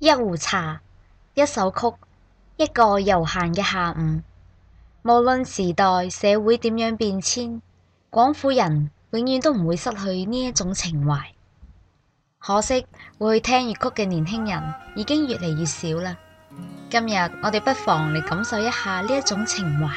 一壺茶，一首曲，一個悠閒嘅下午。無論時代社會點樣變遷，廣府人永遠都唔會失去呢一種情懷。可惜會去聽粵曲嘅年輕人已經越嚟越少啦。今日我哋不妨嚟感受一下呢一種情懷，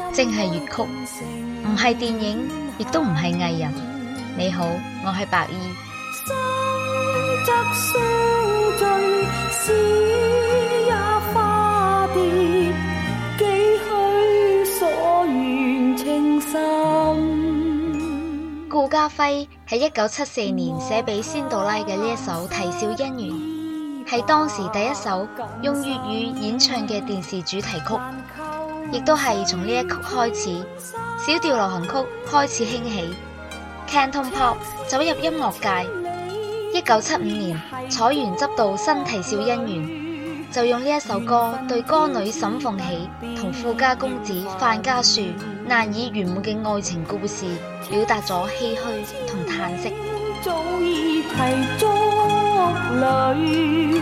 正係粵曲，唔係電影，亦都唔係藝人。你好，我係白衣。顧嘉輝喺一九七四年寫俾仙杜拉嘅呢一首《啼笑姻緣》，係當時第一首用粵語演唱嘅電視主題曲。亦都係從呢一曲開始，小調流行曲開始興起，Canton Pop 走入音樂界。一九七五年，楚原執導新《啼笑姻緣》，就用呢一首歌對歌女沈鳳喜同富家公子樊家樹難以圓滿嘅愛情故事，表達咗唏噓同嘆息。早已題中，裏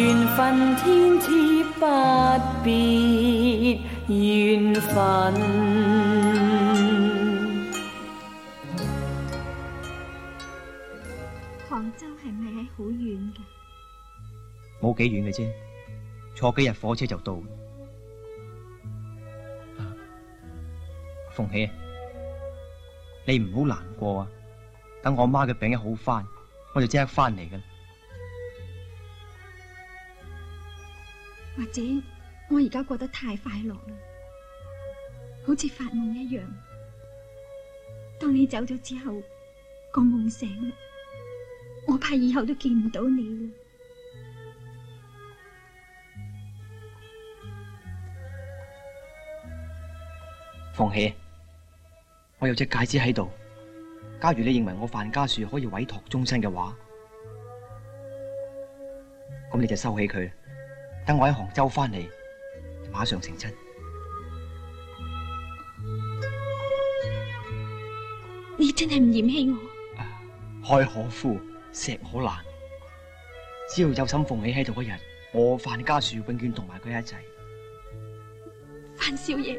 緣分天賜不變。緣分杭州係咪喺好遠噶？冇幾遠嘅啫，坐幾日火車就到了。啊，鳳喜，你唔好難過啊！等我媽嘅病一好翻，我就即刻翻嚟噶。或者。我而家過得太快樂啦，好似發夢一樣。當你走咗之後，個夢醒嘞，我怕以後都見唔到你啦。放棄，我有隻戒指喺度。假如你認為我范家樹可以委託終身嘅話，咁你就收起佢，等我喺杭州翻嚟，馬上成親，你真係唔嫌棄我？海可枯，石可爛，只要有心奉起喺度一日，我范家樹永遠同埋佢一齊。范少爺，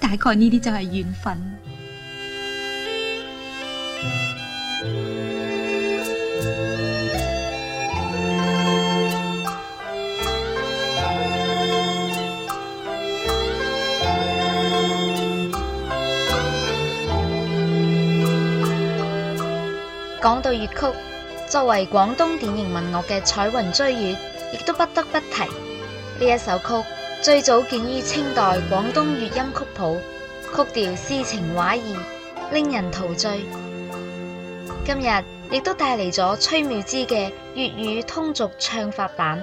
大概呢啲就係緣分。講到粵曲，作為廣東典型民樂嘅《彩雲追月》，亦都不得不提呢一首曲。最早見於清代廣東粵音曲譜，曲調詩情畫意，令人陶醉。今日亦都帶嚟咗崔妙芝嘅粵語通俗唱法版。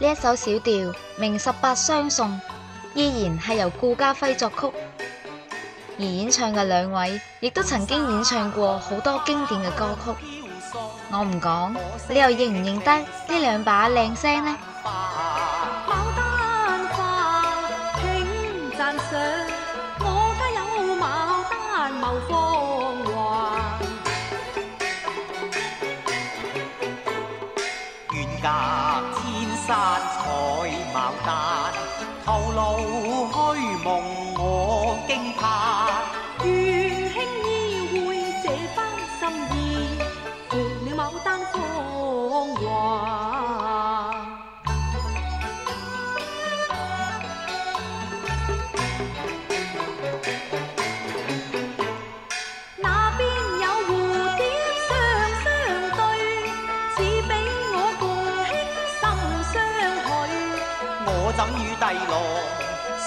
呢一首小調名《十八相送》，依然係由顧嘉輝作曲，而演唱嘅兩位，亦都曾經演唱過好多經典嘅歌曲。我唔講，你又認唔認得呢兩把靚聲呢？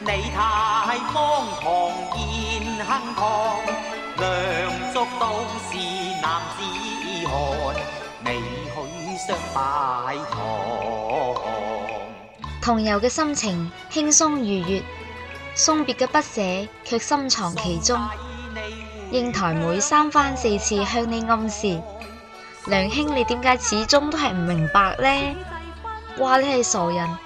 你太荒唐都是男子漢拜堂同遊嘅心情輕鬆愉悅，送別嘅不捨卻深藏其中。英台妹三番四次向你暗示，梁兄你點解始終都係唔明白呢？話你係傻人。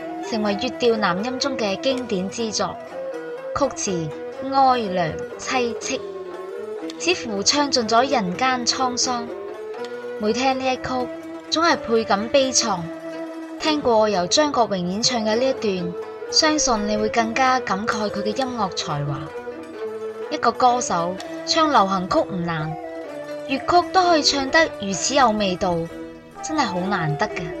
成為粵調南音中嘅經典之作，曲詞哀涼淒戚，似乎唱盡咗人間滄桑。每聽呢一曲，總係倍感悲愴。聽過由張國榮演唱嘅呢一段，相信你會更加感慨佢嘅音樂才華。一個歌手唱流行曲唔難，粵曲都可以唱得如此有味道，真係好難得㗎。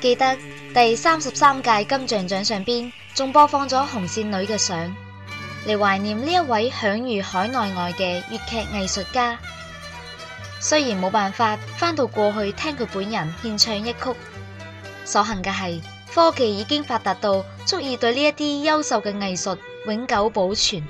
記得第三十三屆金像獎上邊，仲播放咗紅線女嘅相，嚟懷念呢一位享譽海內外嘅粵劇藝術家。雖然冇辦法返到過去聽佢本人獻唱一曲，所幸嘅係科技已經發達到足以對呢啲優秀嘅藝術永久保存。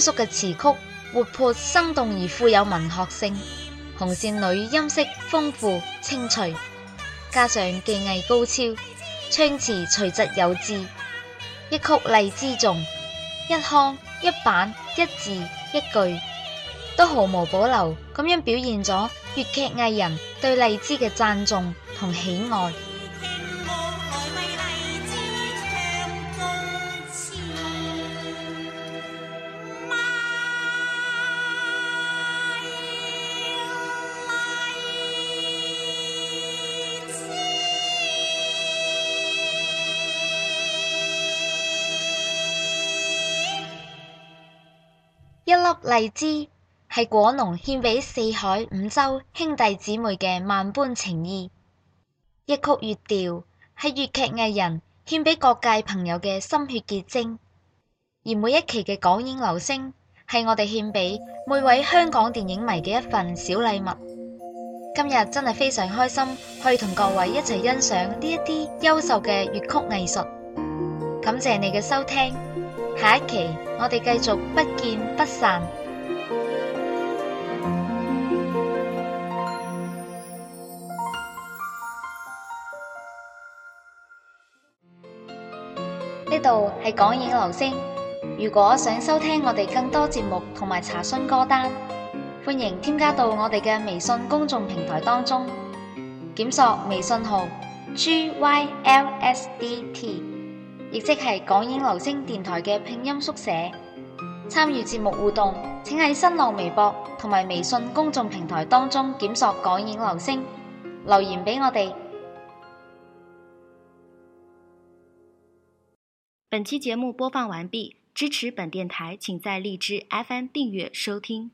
叔嘅詞曲活潑生動而富有文學性，紅線女音色豐富清脆，加上技藝高超，唱詞徐疾有致，一曲荔枝頌，一腔一板、一字一句都毫無保留咁樣表現咗粵劇藝人對荔枝嘅讚頌同喜愛。粒荔枝係果農獻俾四海五洲兄弟姊妹嘅萬般情意，一曲粵調係粵劇藝人獻俾各界朋友嘅心血結晶，而每一期嘅港影留聲，係我哋獻俾每位香港電影迷嘅一份小禮物。今日真係非常開心，可以同各位一齊欣賞呢一啲優秀嘅粵曲藝術。感謝你嘅收聽。下一期我哋繼續不見不散。呢度係港影流星。如果想收聽我哋更多節目同埋查詢歌單，歡迎添加到我哋嘅微信公眾平台當中，檢索微信號 gylsdt。亦即係港影流星電台嘅拼音縮寫，參與節目互動，請喺新浪微博同埋微信公眾平台當中檢索港影流星留言俾我哋。本期節目播放完畢，支持本電台，請在荔枝 FM 訂閱收聽。